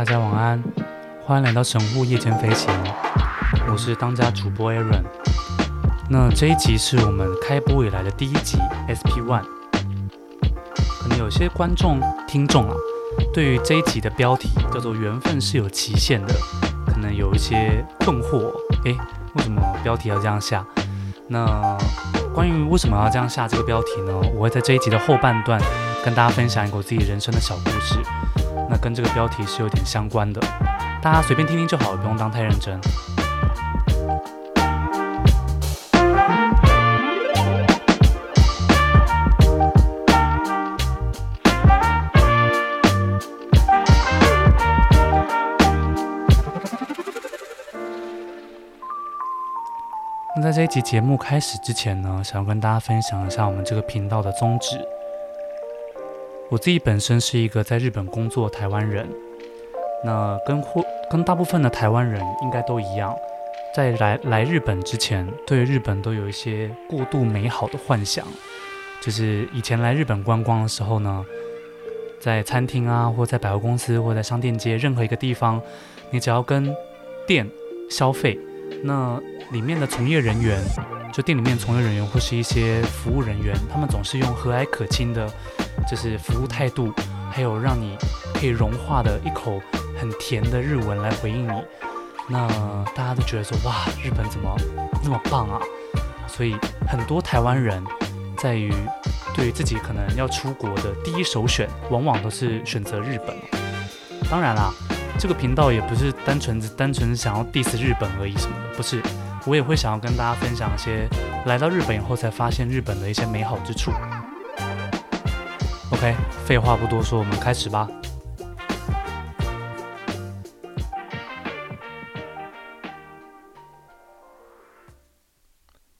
大家晚安，歡迎來到神戶夜間飛行，我是當家主播 Aaron。那這一集是我們開播以來的第一集 SP One。可能有些觀眾聽眾啊，對於這一集的標題叫做“緣分是有期限的”，可能有一些困惑，誒，為什麼標題要這樣下？那關於為什麼要這樣下這個標題呢？我會在這一集的後半段跟大家分享一個我自己人生的小故事。跟這個標題是有點相關的，大家隨便聽聽就好，不用當太認真。那在這一集節目開始之前呢，想要跟大家分享一下我們這個頻道的宗旨。我自己本身是一個在日本工作台灣人，那跟或跟大部分的台灣人應該都一樣，在來來日本之前，對日本都有一些過度美好的幻想，就是以前來日本觀光的時候呢，在餐廳啊，或在百貨公司，或在商店街，任何一個地方，你只要跟店消費，那裡面的從業人員，就店裡面從業人員或是一些服務人員，他們總是用和藹可親的。就是服務態度，還有讓你可以融化的一口很甜的日文來回應你，那大家都覺得說哇，日本怎麼那麼棒啊？所以很多台灣人，在於對於自己可能要出國的第一首選，往往都是選擇日本。當然啦，這個頻道也不是單純的單純想要 diss 日本而已什麼的，不是，我也會想要跟大家分享一些來到日本以後才發現日本的一些美好之處。OK，廢話不多說，我們開始吧。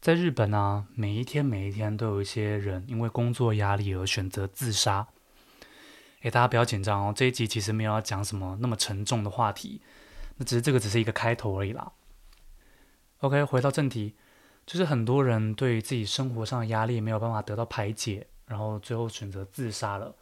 在日本呢、啊，每一天每一天都有一些人因為工作壓力而選擇自殺。哎，大家不要緊張哦，這一集其實沒有要講什麼那麼沉重的話題，那只是這個只是一個開頭而已啦。OK，回到正題，就是很多人對於自己生活上的壓力沒有辦法得到排解。然後最後選擇自殺了，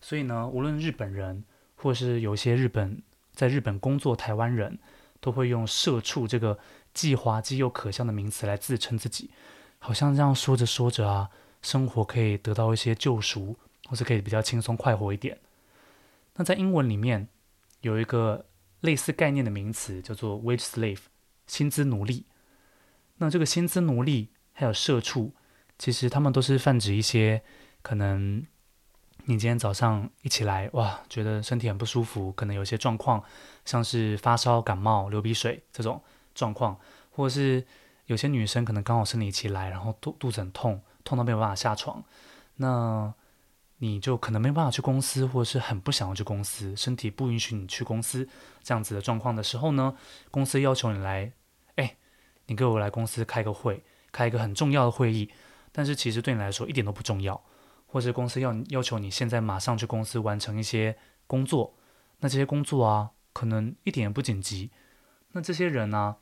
所以呢，無論日本人或是有一些日本在日本工作台灣人都會用“社畜”這個既滑稽又可笑的名詞來自稱自己，好像這樣說着說着啊，生活可以得到一些救贖，或是可以比較輕鬆快活一點。那在英文裡面有一個類似概念的名詞叫做 “wage slave”，薪資奴隸。那這個薪資奴隸還有“社畜”，其實他們都是泛指一些。可能你今天早上一起來，哇，覺得身體很不舒服，可能有些狀況，像是發燒、感冒、流鼻水這種狀況，或者是有些女生可能剛好生理期來，然後肚肚子很痛，痛到沒有辦法下床，那你就可能沒辦法去公司，或者是很不想要去公司，身體不允許你去公司這樣子的狀況的時候呢，公司要求你來，哎，你給我來公司開個會，開一個很重要的會議，但是其實對你來說一點都不重要。或者公司要要求你現在馬上去公司完成一些工作，那這些工作啊，可能一點也不緊急。那這些人呢、啊，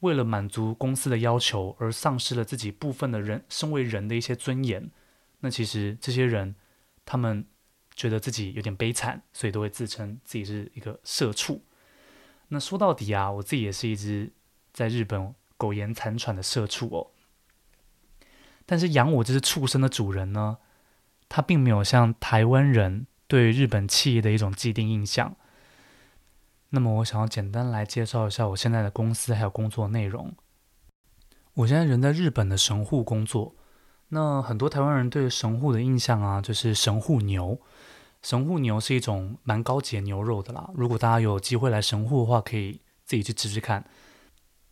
為了滿足公司的要求而喪失了自己部分的人身為人的一些尊嚴。那其實這些人，他們覺得自己有點悲慘，所以都會自稱自己是一個社畜。那說到底啊，我自己也是一隻在日本苟延殘喘的社畜哦。但是養我這隻畜生的主人呢？它並沒有像台灣人對日本企業的一種既定印象。那麼，我想要簡單來介紹一下我現在的公司還有工作內容。我現在人在日本的神戶工作。那很多台灣人對神戶的印象啊，就是神戶牛。神戶牛是一種蠻高級的牛肉的啦。如果大家有機會來神戶的話，可以自己去吃吃看。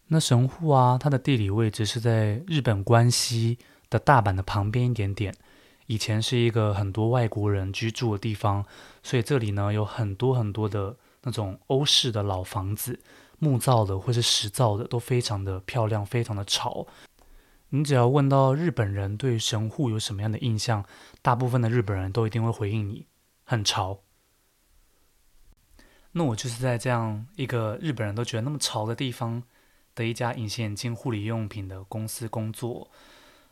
那神戶啊，它的地理位置是在日本關西的大阪的旁邊一點點。以前是一個很多外國人居住的地方，所以這裡呢有很多很多的那種歐式的老房子，木造的或是石造的，都非常的漂亮，非常的潮。你只要問到日本人對神戶有什麼樣的印象，大部分的日本人都一定會回應你，很潮。那我就是在這樣一個日本人都覺得那麼潮的地方的一家隱形眼鏡護理用品的公司工作。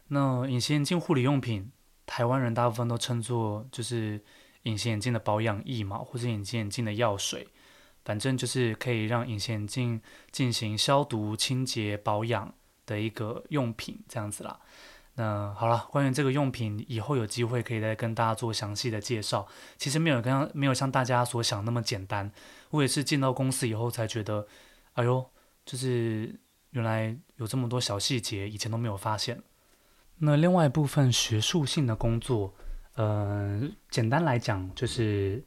那隱形眼鏡護理用品。台灣人大部分都稱作就是隱形眼鏡的保養液嘛，或是隱形眼鏡的藥水，反正就是可以讓隱形眼鏡進行消毒、清潔、保養的一個用品，這樣子啦。那好了，關於這個用品，以後有機會可以再跟大家做詳細的介紹。其實沒有剛剛沒有像大家所想那麼簡單，我也是進到公司以後才覺得，哎呦，就是原來有這麼多小細節，以前都沒有發現。那另外一部分學術性的工作，呃，簡單來講就是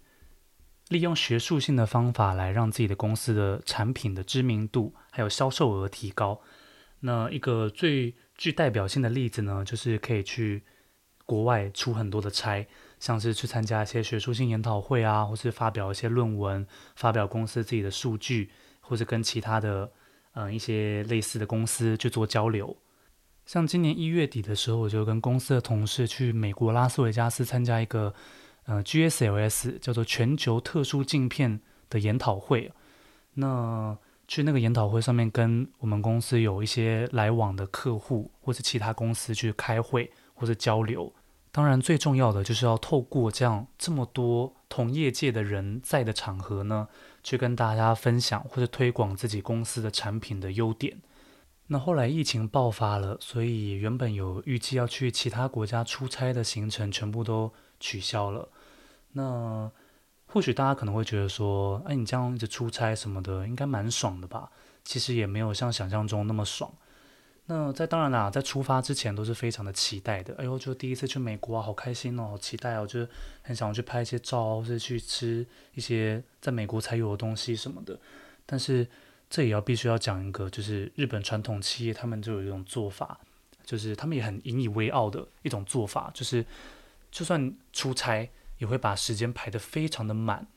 利用學術性的方法來讓自己的公司的產品的知名度還有銷售額提高。那一個最具代表性的例子呢，就是可以去國外出很多的差，像是去參加一些學術性研討會啊，或是發表一些論文，發表公司自己的數據，或是跟其他的嗯、呃、一些類似的公司去做交流。像今年一月底的時候，我就跟公司的同事去美國拉斯維加斯參加一個呃 GSLS，叫做全球特殊鏡片的研討會。那去那個研討會上面，跟我們公司有一些來往的客戶或者其他公司去開會或者交流。當然，最重要的就是要透過這樣這麼多同業界的人在的場合呢，去跟大家分享或者推廣自己公司的產品的優點。那後來疫情爆發了，所以原本有預計要去其他國家出差的行程全部都取消了。那或許大家可能會覺得說，哎，你這樣一直出差什麼的，應該蠻爽的吧？其實也沒有像想象中那麼爽。那在當然啦，啊，在出發之前都是非常的期待的。哎呦，就第一次去美國啊，好開心哦，好期待哦，就很想要去拍一些照，或者去吃一些在美國才有的東西什麼的。但是，這也要必須要講一個，就是日本傳統企業他們就有一種做法，就是他們也很引以為傲的一種做法，就是就算出差也會把時間排得非常的滿。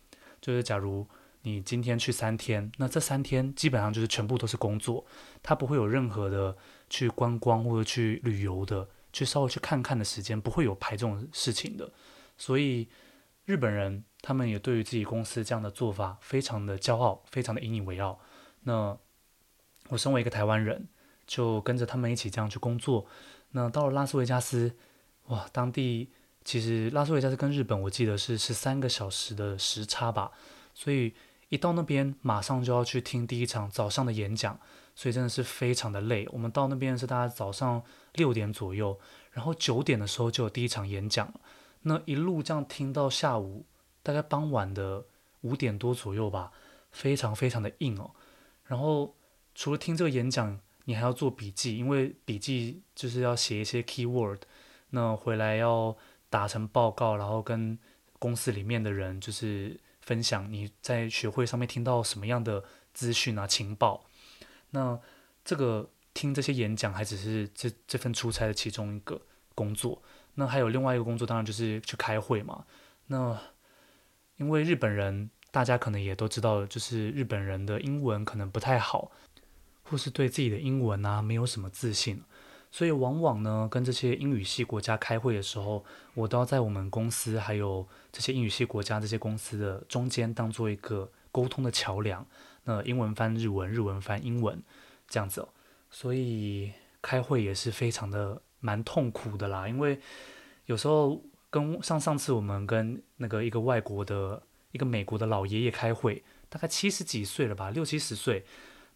就是假如你今天去三天，那這三天基本上就是全部都是工作，他不會有任何的去觀光或者去旅遊的，去稍微去看看的時間，不會有排這種事情的。所以日本人他們也對於自己公司這樣的做法非常的驕傲，非常的引以為傲。那我身為一個台灣人，就跟着他們一起這樣去工作。那到了拉斯維加斯，哇，當地其實拉斯維加斯跟日本，我記得是十三個小時的時差吧。所以一到那邊，馬上就要去聽第一場早上的演講，所以真的是非常的累。我們到那邊是大概早上六點左右，然後九點的時候就有第一場演講。那一路這樣聽到下午，大概傍晚的五點多左右吧，非常非常的硬哦。然後除了聽這個演講，你還要做筆記，因為筆記就是要寫一些 keyword。那回來要打成報告，然後跟公司裡面的人就是分享你在學會上面聽到什麼樣的資訊啊、情報。那這個聽這些演講還只是這這份出差的其中一個工作。那還有另外一個工作，當然就是去開會嘛。那因為日本人。大家可能也都知道，就是日本人的英文可能不太好，或是對自己的英文呢、啊、沒有什麼自信，所以往往呢跟這些英語系國家開會的時候，我都要在我們公司還有這些英語系國家這些公司的中間當做一個溝通的橋樑，那英文翻日文，日文翻英文這樣子。哦，所以開會也是非常的蠻痛苦的啦，因為有時候跟上上次我們跟那個一個外國的。一個美國的老爺爺開會，大概七十幾歲了吧，六七十歲。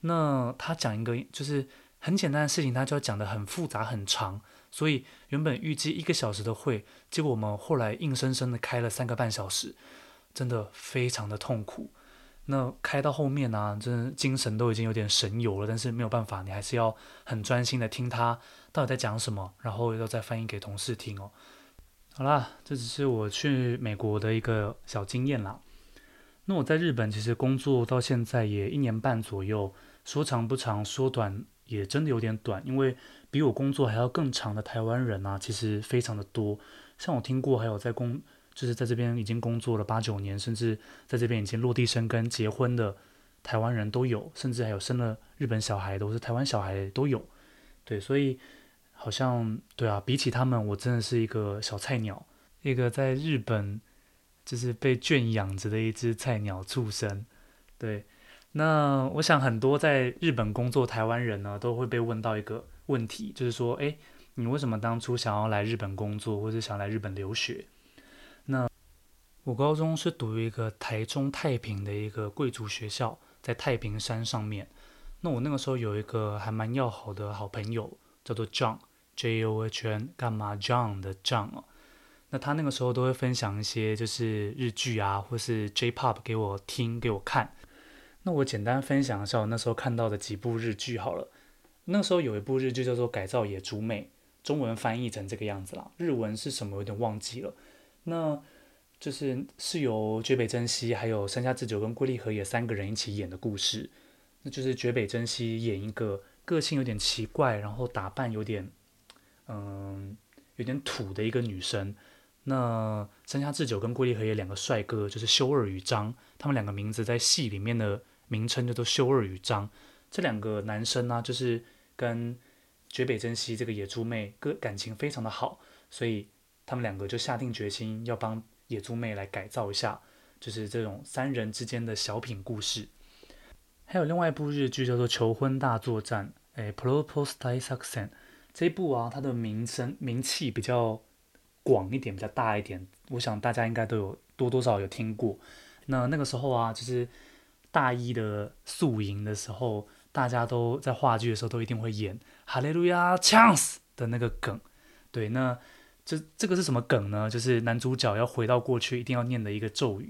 那他講一個就是很簡單的事情，他就要講得很複雜很長。所以原本預計一個小時的會，結果我們後來硬生生的開了三個半小時，真的非常的痛苦。那開到後面呢，真的精神都已經有點神遊了，但是沒有辦法，你還是要很專心的聽他到底在講什麼，然後又再翻譯給同事聽哦。好啦，這只是我去美國的一個小經驗啦。那我在日本其實工作到現在也一年半左右，說長不長，說短也真的有點短，因為比我工作還要更長的台灣人啊，其實非常的多。像我聽過，還有在工就是在這邊已經工作了八九年，甚至在這邊已經落地生根、結婚的台灣人都有，甚至還有生了日本小孩都是台灣小孩都有。對，所以好像對啊，比起他們，我真的是一個小菜鳥，那個在日本。就是被圈養着的一隻菜鳥畜生，對。那我想很多在日本工作台灣人呢，都會被問到一個問題，就是說，哎，你為什麼當初想要來日本工作，或者想來日本留學？那我高中是讀一個台中太平的一個貴族學校，在太平山上面。那我那個時候有一個還蠻要好的好朋友，叫做 John J-O-H-N，幹嘛 John 的 John 哦。那他那個時候都會分享一些就是日劇啊，或是 J pop 給我聽，給我看。那我簡單分享一下我那時候看到的幾部日劇好了。那時候有一部日劇叫做《改造野豬妹》，中文翻譯成這個樣子啦。日文是什麼有點忘記了。那就是是由堀北真希，還有山下智久跟龜梨和也三個人一起演的故事。那就是堀北真希演一個個性有點奇怪，然後打扮有點嗯有點土的一個女生。那山下智久跟龜梨和也兩個帥哥就是修二與彰，他們兩個名字在戲裡面的名稱叫做修二與彰。這兩個男生呢、啊，就是跟堀北真希這個野豬妹個感情非常的好，所以他們兩個就下定決心要幫野豬妹來改造一下，就是這種三人之間的小品故事。還有另外一部日劇叫做《求婚大作戰》誒，Propose Daisakusen，這一部啊，它的名聲名氣比較廣一點，比較大一點，我想大家應該都有多多少少有聽過。那那個時候啊，就是大一的宿營的時候，大家都在話劇的時候都一定會演“哈利路亞，Chance” 的那個梗。對，那這這個是什麼梗呢？就是男主角要回到過去，一定要念的一個咒語。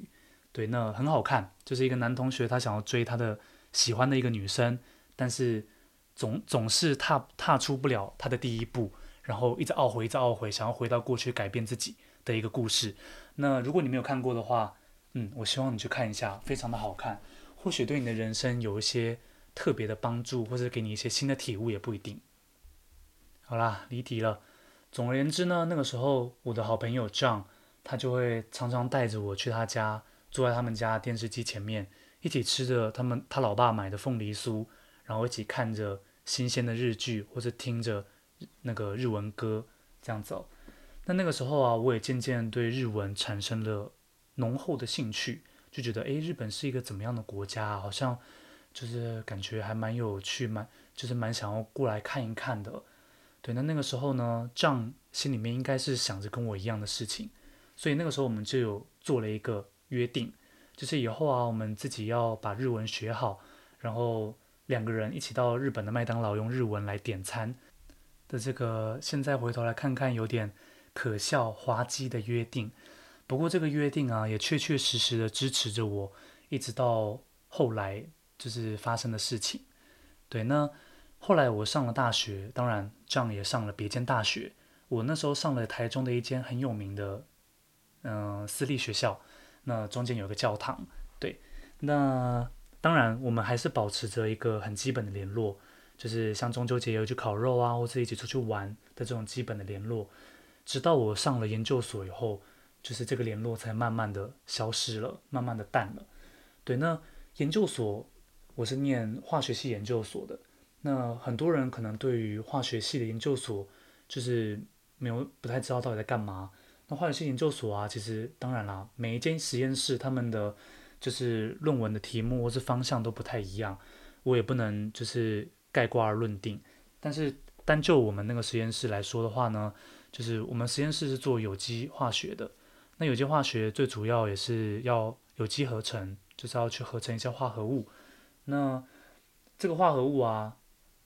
對，那很好看，就是一個男同學他想要追他的喜歡的一個女生，但是總總是踏踏出不了他的第一步。然後一直懊悔，一直懊悔，想要回到過去改變自己的一個故事。那如果你沒有看過的話，嗯，我希望你去看一下，非常的好看，或許對你的人生有一些特別的幫助，或者給你一些新的體悟也不一定。好啦，離題了。總而言之呢，那個時候我的好朋友 John，他就會常常帶着我去他家，坐在他們家電視機前面，一起吃着他們他老爸買的鳳梨酥，然後一起看着新鮮的日劇，或者聽着。那個日文歌這樣子哦，那那個時候啊，我也漸漸對日文產生了濃厚的興趣，就覺得哎，日本是一個怎麼樣的國家啊？好像就是感覺還蠻有趣，蠻就是蠻想要過來看一看的。對，那那個時候呢，這樣心裡面應該是想着跟我一樣的事情，所以那個時候我們就有做了一個約定，就是以後啊，我們自己要把日文學好，然後兩個人一起到日本的麥當勞用日文來點餐的，這個現在回頭來看看，有點可笑滑稽的約定。不過這個約定啊，也確確實實的支持着我，一直到後來就是發生的事情。對，那後來我上了大學，當然 John 也上了別間大學。我那時候上了台中的一間很有名的，嗯、呃，私立學校。那中間有個教堂。對，那當然我們還是保持着一個很基本的聯絡。就是像中秋節有去烤肉啊，或是一起出去玩的這種基本的聯絡，直到我上了研究所以後，就是這個聯絡才慢慢的消失了，慢慢的淡了。對，那研究所我是念化學系研究所的，那很多人可能對於化學系的研究所就是沒有不太知道到底在幹嘛。那化學系研究所啊，其實當然啦，每一間實驗室他們的就是論文的題目或是方向都不太一樣，我也不能就是。概括而論定，但是單就我們那個實驗室來說的話呢，就是我們實驗室是做有機化學的。那有機化學最主要也是要有機合成，就是要去合成一些化合物。那這個化合物啊，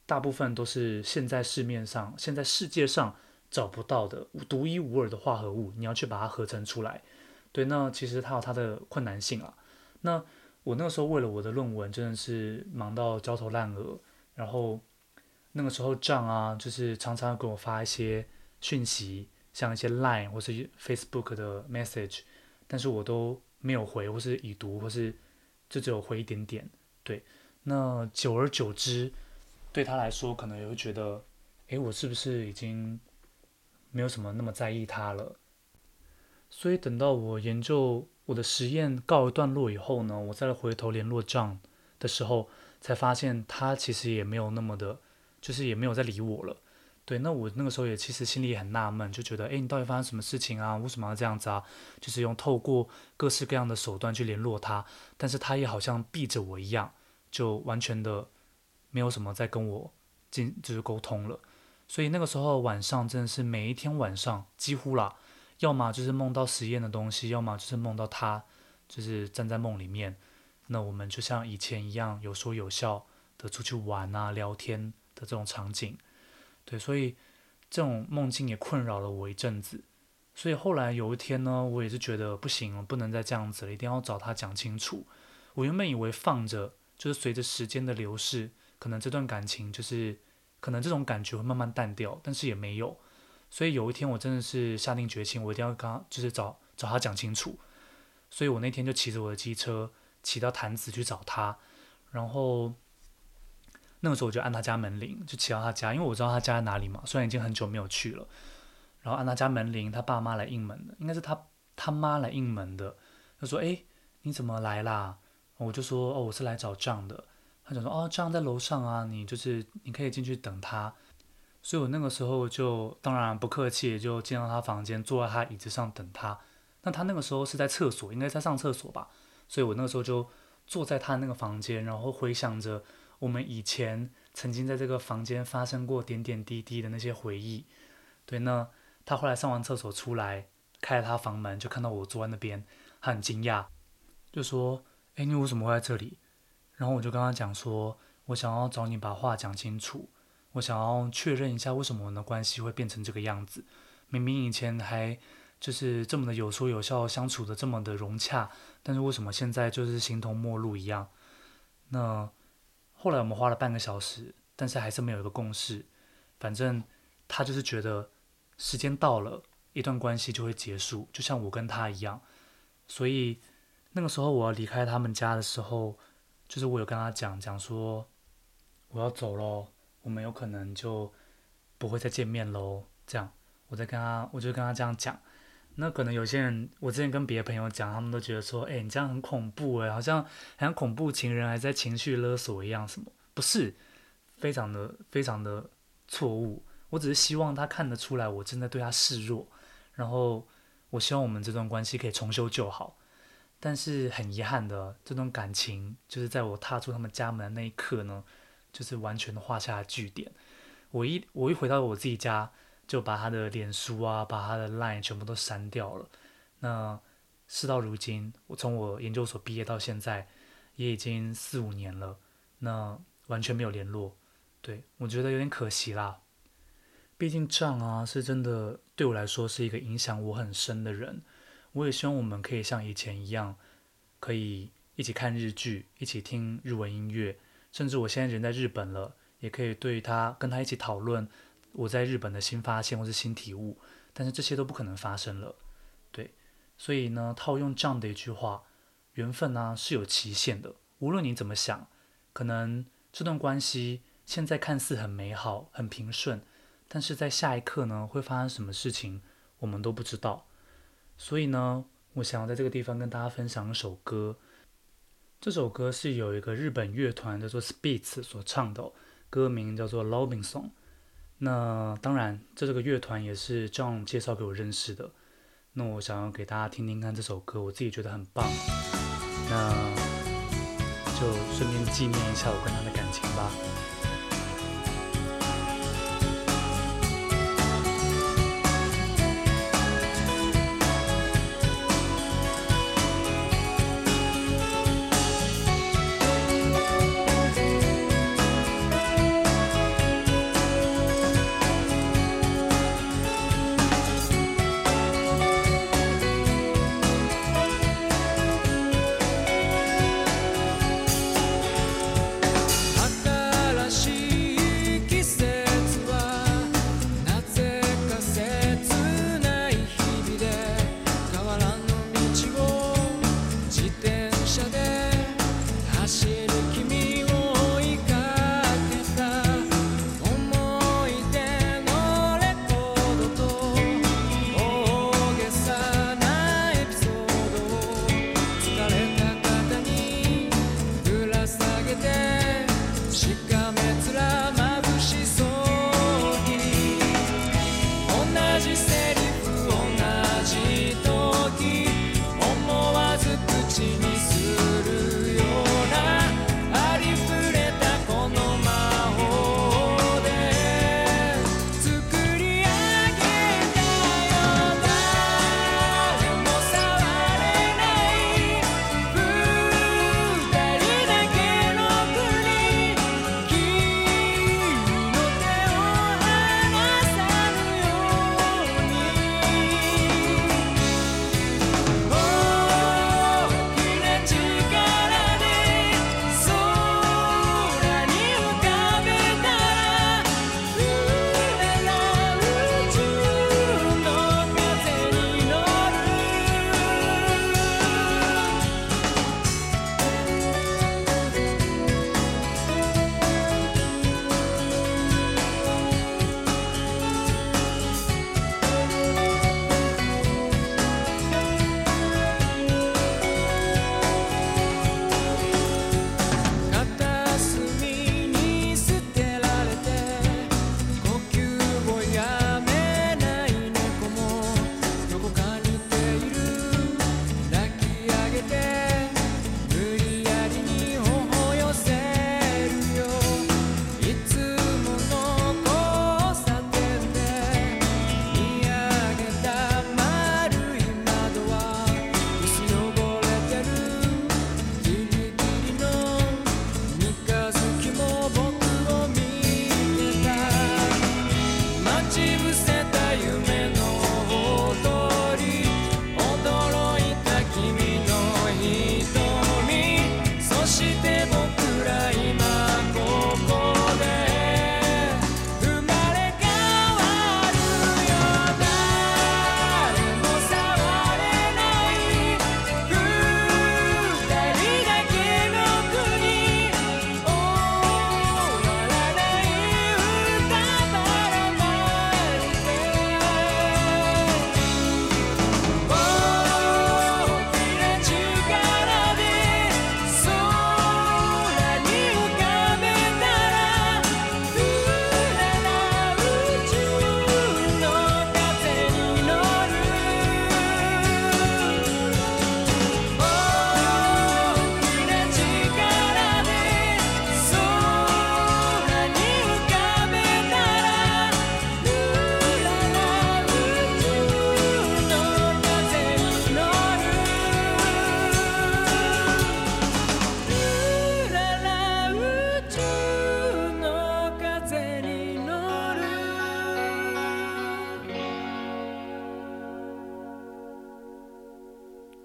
大部分都是現在市面上、現在世界上找不到的無獨一無二的化合物。你要去把它合成出來，對，那其實它有它的困難性啊。那我那個時候為了我的論文，真的是忙到焦頭爛額。然後那個時候，John 啊，就是常常給我發一些訊息，像一些 Line 或是 Facebook 的 message，但是我都沒有回，或是已讀，或是就只有回一點點。對，那久而久之，對他來說，可能也會覺得，哎，我是不是已經沒有什麼那麼在意他了？所以等到我研究我的實驗告一段落以後呢，我再回頭聯絡 John 的時候，才發現他其實也沒有那麼的，就是也沒有再理我了。對，那我那個時候也其實心裡也很納悶，就覺得，誒，你到底發生什麼事情啊？為什麼要這樣子啊？就是用透過各式各樣的手段去聯絡他，但是他也好像避着我一樣，就完全的沒有什麼在跟我進，就是溝通了。所以那個時候晚上真的是每一天晚上幾乎啦，要麼就是夢到實驗的東西，要麼就是夢到他，就是站在夢裡面。那我們就像以前一樣，有說有笑的出去玩啊，聊天的這種場景，對，所以這種夢境也困擾了我一陣子。所以後來有一天呢，我也是覺得不行，我不能再這樣子了，一定要找他講清楚。我原本以為放着，就是隨着時間的流逝，可能這段感情就是可能這種感覺會慢慢淡掉，但是也沒有。所以有一天，我真的是下定決心，我一定要跟他，就是找找他講清楚。所以我那天就騎着我的機車，騎到潭子去找他，然後那個時候我就按他家門鈴，就騎到他家，因為我知道他家在哪裡嘛。雖然已經很久沒有去了，然後按他家門鈴，他爸媽來應門的，應該是他他媽來應門的。他說：“哎，你怎麼來啦？”我就說：“哦，我是來找張的。”他就說：“哦，張在樓上啊，你就是你可以進去等他。”所以我那個時候就當然不客氣，就進到他房間，坐在他椅子上等他。那他那個時候是在廁所，應該在上廁所吧。所以我那時候就坐在他那個房間，然後回想着我們以前曾經在這個房間發生過點點滴滴的那些回憶。對呢，那他後來上完廁所出來，開了他房門，就看到我坐在那邊，他很驚訝，就說：“誒，你為什麼會在這裡？”然後我就跟他講說：“我想要找你把話講清楚，我想要確認一下為什麼我們的關係會變成這個樣子。明明以前還……”就是這麼的有說有笑，相處的這麼的融洽，但是為什麼現在就是形同陌路一樣？那後來我們花了半個小時，但是還是沒有一個共識。反正他就是覺得時間到了，一段關係就會結束，就像我跟他一樣。所以那個時候我要離開他們家的時候，就是我有跟他講講說我要走咯，我們有可能就不會再見面咯。這樣我在跟他，我就跟他這樣講。那可能有些人，我之前跟別的朋友講，他們都覺得說，哎、欸，你這樣很恐怖，哎、欸，好像好像恐怖情人還在情緒勒索一樣什麼？不是，非常的非常的錯誤。我只是希望他看得出來，我真的對他示弱，然後我希望我們這段關係可以重修舊好。但是很遺憾的，這段感情就是在我踏出他們家門的那一刻呢，就是完全的畫下了句點。我一我一回到我自己家。就把他的臉書啊，把他的 LINE 全部都刪掉了。那事到如今，我從我研究所畢業到現在，也已經四五年了，那完全沒有聯絡。對，我覺得有點可惜啦，畢竟這樣啊是真的，對我來說是一個影響我很深的人。我也希望我們可以像以前一樣，可以一起看日劇，一起聽日文音樂，甚至我現在人在日本了，也可以對他跟他一起討論，我在日本的新發現或是新體悟，但是這些都不可能發生了，對，所以呢，套用這樣的一句話，緣分呢、啊、是有期限的。無論你怎麼想，可能這段關係現在看似很美好、很平順，但是在下一刻呢，會發生什麼事情，我們都不知道。所以呢，我想要在這個地方跟大家分享一首歌，這首歌是有一個日本樂團叫做 Spitz 所唱的，歌名叫做《Loving Song》。那當然，這這個樂團也是 John 介紹給我認識的。那我想要給大家聽聽看這首歌，我自己覺得很棒。那就順便紀念一下我跟他的感情吧。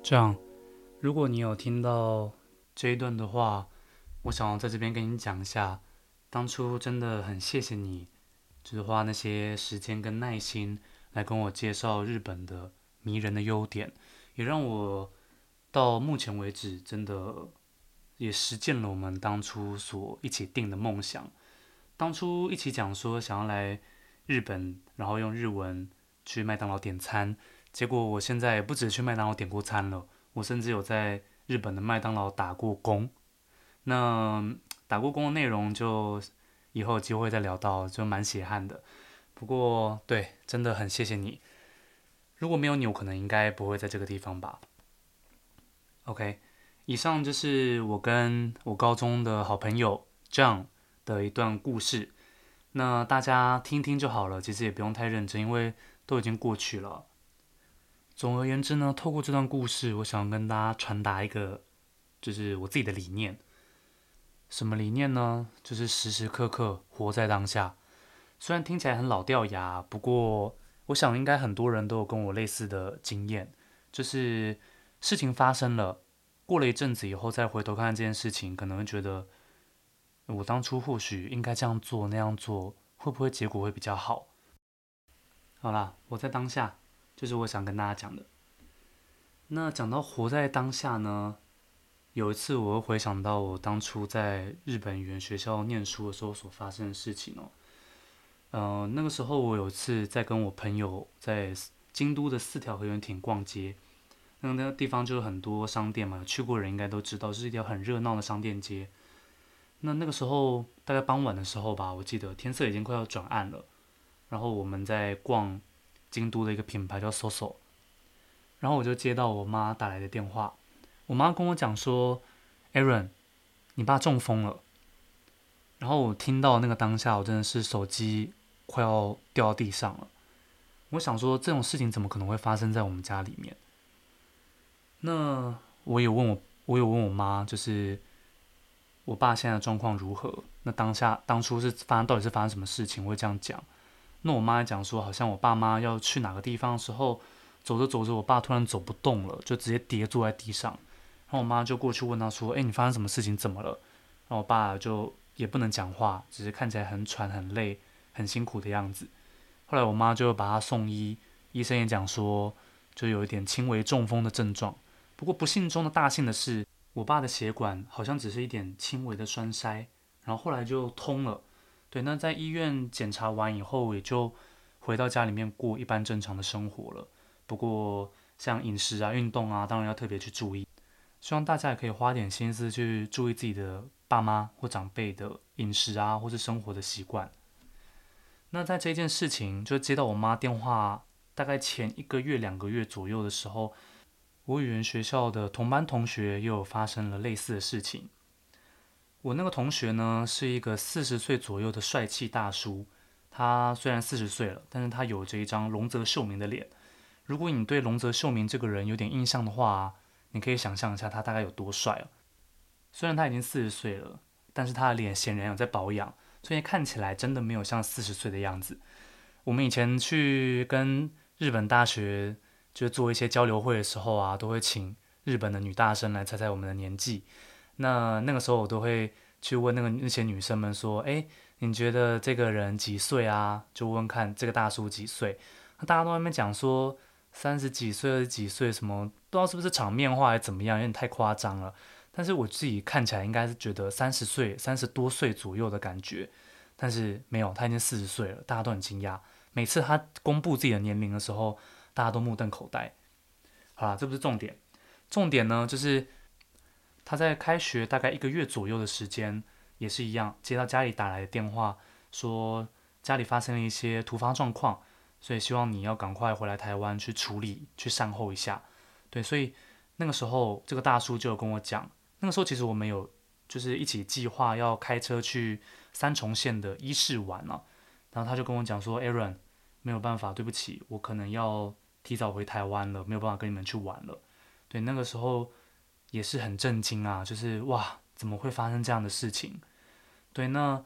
這樣，如果你有聽到這一段的話，我想要在這邊跟你講一下，當初真的很謝謝你，就是花那些時間跟耐心來跟我介紹日本的迷人的優點，也讓我到目前為止真的也實踐了我們當初所一起定的夢想。當初一起講說想要來日本，然後用日文去麥當勞點餐。結果我現在不止去麥當勞點過餐了，我甚至有在日本的麥當勞打過工。那打過工的內容就以後有機會再聊到，就蠻血汗的。不過，對，真的很謝謝你。如果沒有你，我可能應該不會在這個地方吧。OK，以上就是我跟我高中的好朋友 John 的一段故事。那大家聽聽就好了，其實也不用太認真，因為都已經過去了。總而言之呢，透過這段故事，我想跟大家傳達一個，就是我自己的理念。什麼理念呢？就是時時刻刻活在當下。雖然聽起來很老掉牙，不過我想應該很多人都有跟我類似的經驗。就是事情發生了，過了一陣子以後，再回頭看看這件事情，可能會覺得我當初或許應該這樣做那樣做，會不會結果會比較好？好啦，我在當下。就是我想跟大家講的。那講到活在當下呢，有一次我又回想到我當初在日本語言學校念書的時候所發生的事情哦。嗯、呃，那個時候我有一次在跟我朋友在京都的四條河原町逛街，那那個地方就是很多商店嘛，去過的人應該都知道，這是一條很熱鬧的商店街。那那個時候大概傍晚的時候吧，我記得天色已經快要轉暗了，然後我們在逛。京都的一個品牌叫 Soso，然後我就接到我媽打來的電話，我媽跟我講說，Aaron，你爸中風了。然後我聽到那個當下，我真的是手機快要掉到地上了。我想說這種事情怎麼可能會發生在我們家裡面？那我有問我，我有問我媽，就是我爸現在的狀況如何？那當下當初是發生到底是發生什麼事情？我會這樣講。那我媽也講說，好像我爸媽要去哪個地方的時候，走着走着，我爸突然走不動了，就直接跌坐在地上。然後我媽就過去問他說：“誒，你發生什麼事情？怎麼了？”然後我爸就也不能講話，只是看起來很喘、很累、很辛苦的樣子。後來我媽就把他送醫，醫生也講說，就有一點輕微中風的症狀。不過不幸中的大幸的是，我爸的血管好像只是一點輕微的栓塞，然後後來就通了。對，那在醫院檢查完以後，也就回到家裡面過一般正常的生活了。不過像飲食啊、運動啊，當然要特別去注意。希望大家也可以花點心思去注意自己的爸媽或長輩的飲食啊，或是生活的習慣。那在這件事情，就接到我媽電話大概前一個月、兩個月左右的時候，我語言學校的同班同學又發生了類似的事情。我那個同學呢，是一個四十歲左右的帥氣大叔。他雖然四十歲了，但是他有着一張瀧澤秀明的臉。如果你對瀧澤秀明這個人有點印象的話，你可以想象一下他大概有多帥。雖然他已經四十歲了，但是他的臉顯然有在保養，所以看起來真的沒有像四十歲的樣子。我們以前去跟日本大學就是做一些交流會的時候啊，都會請日本的女大生來猜猜我們的年紀。那那個時候我都會去問那個那些女生們說，哎、欸，你覺得這個人幾歲啊？就問看這個大叔幾歲？那大家都在外面講說三十幾歲、二十幾歲什麼，不知道是不是場面話還是怎麼樣，因為有點太誇張了。但是我自己看起來應該是覺得三十歲、三十多歲左右的感覺，但是沒有，他已經四十歲了，大家都很驚訝。每次他公布自己的年齡的時候，大家都目瞪口呆。好啦，這不是重點，重點呢就是。他在開學大概一個月左右的時間，也是一樣接到家裡打來的電話，說家裡發生了一些突發狀況，所以希望你要趕快回來台灣去處理，去善後一下。對，所以那個時候這個大叔就有跟我講，那個時候其實我們有就是一起計劃要開車去三重縣的伊勢玩了，啊，然後他就跟我講說，Aaron，沒有辦法，對不起，我可能要提早回台灣了，沒有辦法跟你們去玩了。對，那個時候。也是很震驚啊！就是哇，怎麼會發生這樣的事情？對，那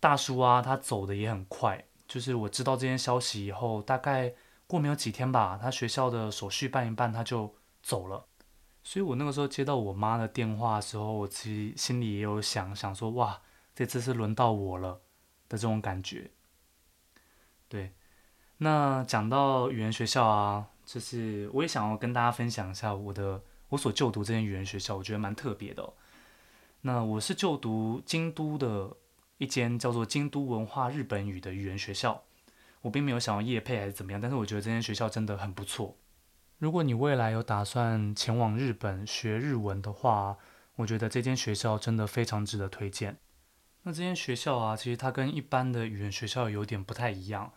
大叔啊，他走得也很快。就是我知道這件消息以後，大概過沒有幾天吧，他學校的手續辦一辦，他就走了。所以我那個時候接到我媽的電話的時候，我其實心裡也有想想說，哇，這次是輪到我了的這種感覺。對，那講到語言學校啊，就是我也想要跟大家分享一下我的。我所就讀這間語言學校，我覺得蠻特別的哦。那我是就讀京都的一間叫做京都文化日本語的語言學校，我並沒有想要業配還是怎麼樣，但是我覺得這間學校真的很不錯。如果你未來有打算前往日本學日文的話，我覺得這間學校真的非常值得推薦。那這間學校啊，其實它跟一般的語言學校有點不太一樣，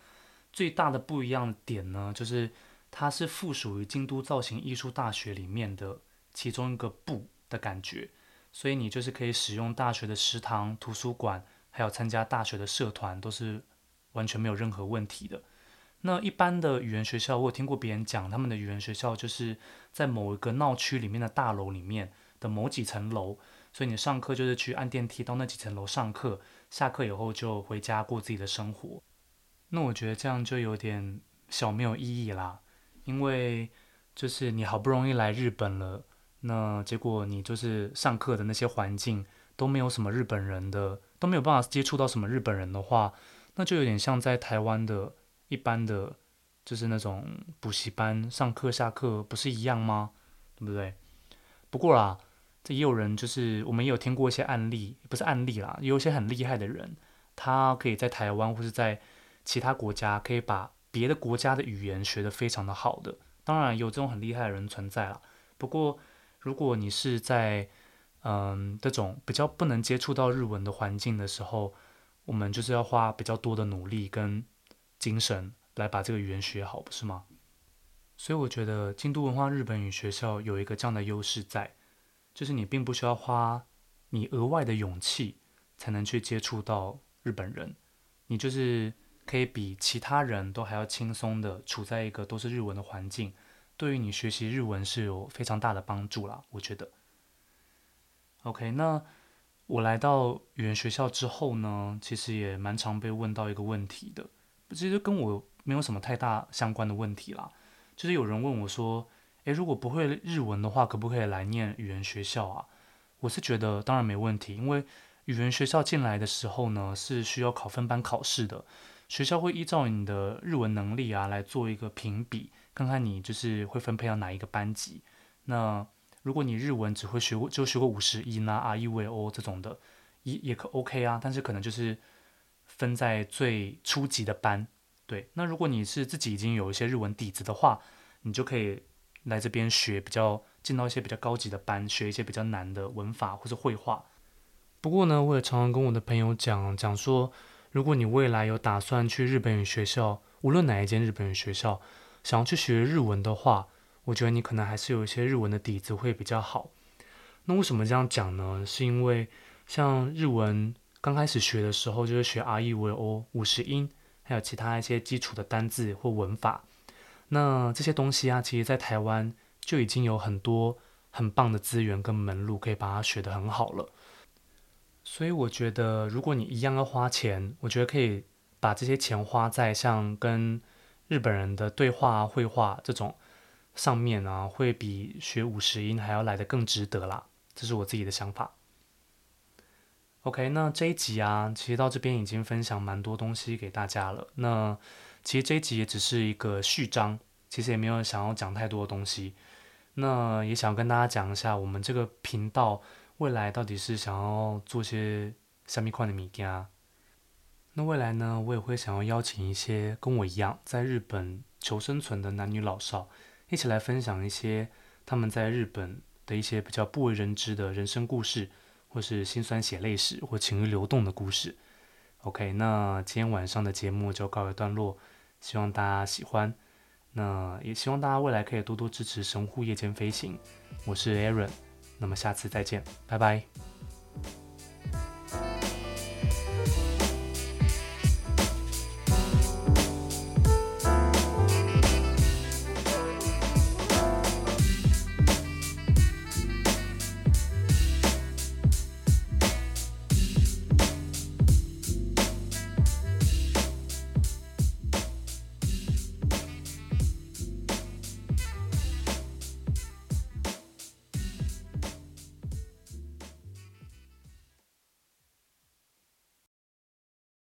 最大的不一樣點呢，就是。它是附屬於京都造型藝術大學裡面的其中一個部的感覺，所以你就是可以使用大學的食堂、圖書館，還有參加大學的社團，都是完全沒有任何問題的。那一般的語言學校，我聽過別人講，他們的語言學校就是在某一個鬧區裡面的大樓裡面的某幾層樓，所以你上課就是去按電梯到那幾層樓上課，下課以後就回家過自己的生活。那我覺得這樣就有點小沒有意義啦。因為就是你好不容易來日本了，那結果你就是上課的那些環境都沒有什麼日本人的，都沒有辦法接觸到什麼日本人的話，那就有點像在台灣的一般的，就是那種補習班上課下課不是一樣嗎？對不對？不過啦，這也有人就是我們也有聽過一些案例，不是案例啦，有一些很厲害的人，他可以在台灣或是在其他國家可以把。別的國家的語言學得非常的好的，當然有這種很厲害的人存在了。不過，如果你是在嗯這種比較不能接觸到日文的環境的時候，我們就是要花比較多的努力跟精神來把這個語言學好，不是嗎？所以我覺得京都文化日本語學校有一個這樣的優勢在，就是你並不需要花你額外的勇氣才能去接觸到日本人，你就是。可以比其他人都還要輕鬆的處在一個都是日文的環境，對於你學習日文是有非常大的幫助啦，我覺得。OK，那我來到語言學校之後呢，其實也蠻常被問到一個問題的，其實跟我沒有什麼太大相關的問題啦，就是有人問我說：“誒，如果不會日文的話，可不可以來念語言學校啊？”我是覺得當然沒問題，因為語言學校進來的時候呢，是需要考分班考試的。學校會依照你的日文能力啊來做一個評比，看看你就是會分配到哪一個班級。那如果你日文只會學過就學過五十音啦，啊一 V、o、啊，這種的,也也可 OK 啊,但是可能就是分在最初級的班。對,那如果你是自己已經有一些日文底子的話,你就可以來這邊學比較進到一些比較高級的班,學一些比較難的文法或者會話。不過呢,我也常常跟我的朋友講講說。如果你未來有打算去日本語學校，無論哪一間日本語學校，想要去學日文的話，我覺得你可能還是有一些日文的底子會比較好。那為什麼這樣講呢？是因為像日文剛開始學的時候，就是學あいうえお五十音，還有其他一些基礎的單字或文法。那這些東西啊，其實在台灣就已經有很多很棒的資源跟門路，可以把它學得很好了。所以我覺得，如果你一樣要花錢，我覺得可以把這些錢花在像跟日本人的對話、繪畫這種上面呢、啊，會比學五十音還要來得更值得啦。這是我自己的想法。OK，那這一集啊，其實到這邊已經分享蠻多東西給大家了。那其實這一集也只是一個序章，其實也沒有想要講太多的東西。那也想跟大家講一下，我們這個頻道。未來到底是想要做些蝦米款的米件啊？那未來呢，我也會想要邀請一些跟我一樣在日本求生存的男女老少，一起來分享一些他們在日本的一些比較不為人知的人生故事，或是辛酸血淚史，或情欲流動的故事。OK，那今天晚上的節目就告一段落，希望大家喜歡。那也希望大家未來可以多多支持神戶夜間飛行。我是 Aaron。那麼下次再見，拜拜。